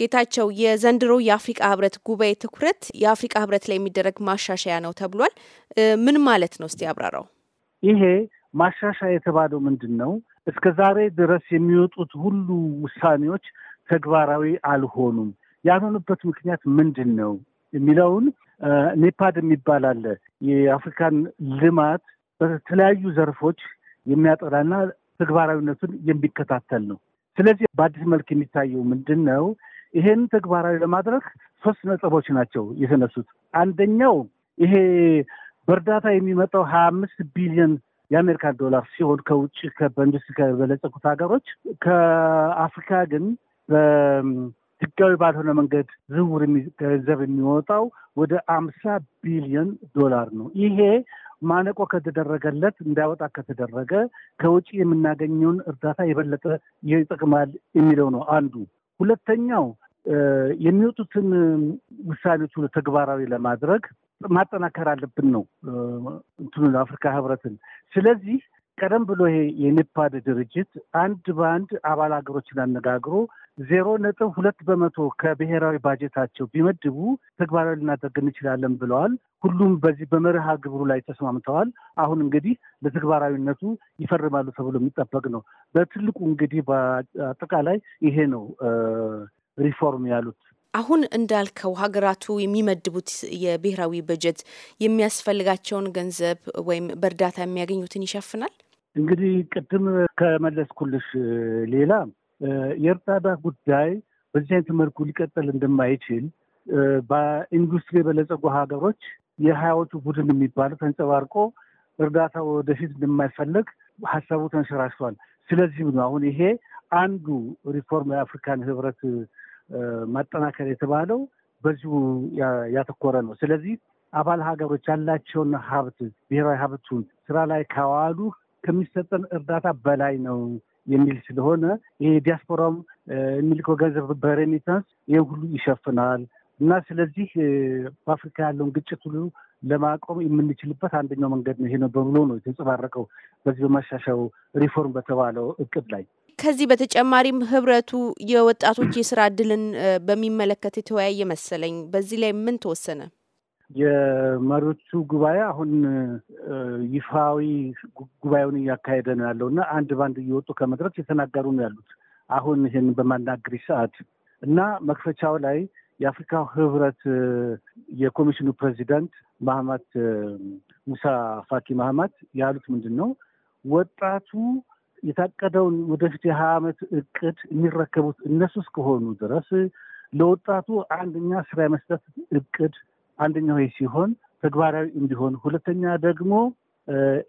ጌታቸው፣ የዘንድሮ የአፍሪቃ ህብረት ጉባኤ ትኩረት የአፍሪቃ ህብረት ላይ የሚደረግ ማሻሻያ ነው ተብሏል። ምን ማለት ነው? እስቲ ያብራራው። ይሄ ማሻሻያ የተባለው ምንድን ነው? እስከ ዛሬ ድረስ የሚወጡት ሁሉ ውሳኔዎች ተግባራዊ አልሆኑም። ያልሆኑበት ምክንያት ምንድን ነው የሚለውን ኔፓድ የሚባል አለ የአፍሪካን ልማት በተለያዩ ዘርፎች የሚያጠናና ተግባራዊነቱን የሚከታተል ነው። ስለዚህ በአዲስ መልክ የሚታየው ምንድን ነው? ይሄን ተግባራዊ ለማድረግ ሶስት ነጥቦች ናቸው የተነሱት። አንደኛው ይሄ በእርዳታ የሚመጣው ሀያ አምስት ቢሊዮን የአሜሪካን ዶላር ሲሆን ከውጭ በኢንዱስትሪ ከበለጸጉት ሀገሮች ከአፍሪካ ግን በህጋዊ ባልሆነ መንገድ ዝውውር ገንዘብ የሚወጣው ወደ አምሳ ቢሊዮን ዶላር ነው። ይሄ ማነቆ ከተደረገለት እንዳይወጣ ከተደረገ ከውጭ የምናገኘውን እርዳታ የበለጠ ይጠቅማል የሚለው ነው አንዱ። ሁለተኛው የሚወጡትን ውሳኔዎች ተግባራዊ ለማድረግ ማጠናከር አለብን ነው እንትኑ አፍሪካ ህብረትን። ስለዚህ ቀደም ብሎ ይሄ የኔፓድ ድርጅት አንድ በአንድ አባል ሀገሮችን አነጋግሮ ዜሮ ነጥብ ሁለት በመቶ ከብሔራዊ ባጀታቸው ቢመድቡ ተግባራዊ ልናደርግ እንችላለን ብለዋል። ሁሉም በዚህ በመርሃ ግብሩ ላይ ተስማምተዋል። አሁን እንግዲህ ለተግባራዊነቱ ይፈርማሉ ተብሎ የሚጠበቅ ነው። በትልቁ እንግዲህ በአጠቃላይ ይሄ ነው ሪፎርም ያሉት። አሁን እንዳልከው ሀገራቱ የሚመድቡት የብሔራዊ በጀት የሚያስፈልጋቸውን ገንዘብ ወይም በእርዳታ የሚያገኙትን ይሸፍናል። እንግዲህ ቅድም ከመለስኩልሽ ሌላ የእርዳታ ጉዳይ በዚህ አይነት መልኩ ሊቀጥል እንደማይችል በኢንዱስትሪ የበለጸጉ ሀገሮች የሀያዎቹ ቡድን የሚባለው ተንጸባርቆ እርዳታ ወደፊት እንደማይፈለግ ሀሳቡ ተንሸራሽቷል። ስለዚህም ነው አሁን ይሄ አንዱ ሪፎርም የአፍሪካን ህብረት ማጠናከር የተባለው በዚሁ ያተኮረ ነው። ስለዚህ አባል ሀገሮች ያላቸውን ሀብት ብሔራዊ ሀብቱን ስራ ላይ ካዋሉ ከሚሰጠን እርዳታ በላይ ነው የሚል ስለሆነ ይሄ ዲያስፖራም የሚልከው ገንዘብ በሬሚታንስ ይህ ሁሉ ይሸፍናል እና ስለዚህ በአፍሪካ ያለውን ግጭት ሁሉ ለማቆም የምንችልበት አንደኛው መንገድ ነው ይሄ ነው በብሎ ነው የተንጸባረቀው በዚህ በማሻሻው ሪፎርም በተባለው እቅድ ላይ። ከዚህ በተጨማሪም ህብረቱ የወጣቶች የስራ እድልን በሚመለከት የተወያየ መሰለኝ። በዚህ ላይ ምን ተወሰነ? የመሪዎቹ ጉባኤ አሁን ይፋዊ ጉባኤውን እያካሄደ ነው ያለው እና አንድ ባንድ እየወጡ ከመድረክ የተናገሩ ነው ያሉት። አሁን ይህን በማናገሪ ሰዓት እና መክፈቻው ላይ የአፍሪካ ህብረት የኮሚሽኑ ፕሬዚዳንት ማህማት ሙሳ ፋኪ ማህማት ያሉት ምንድን ነው ወጣቱ የታቀደውን ወደፊት የሀያ ዓመት እቅድ የሚረከቡት እነሱ እስከሆኑ ድረስ ለወጣቱ አንደኛ ስራ የመስጠት እቅድ አንደኛው ሲሆን ተግባራዊ እንዲሆን፣ ሁለተኛ ደግሞ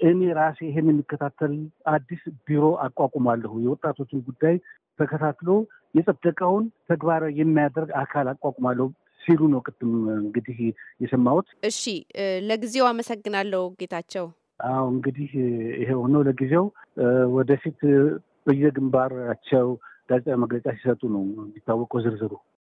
እኔ ራሴ ይሄን የሚከታተል አዲስ ቢሮ አቋቁማለሁ። የወጣቶችን ጉዳይ ተከታትሎ የጸደቀውን ተግባራዊ የሚያደርግ አካል አቋቁማለሁ ሲሉ ነው ቅድም እንግዲህ የሰማሁት። እሺ፣ ለጊዜው አመሰግናለሁ ጌታቸው። አዎ እንግዲህ ይሄ ሆኖ ለጊዜው። ወደፊት በየግንባራቸው ጋዜጣዊ መግለጫ ሲሰጡ ነው የሚታወቀው ዝርዝሩ።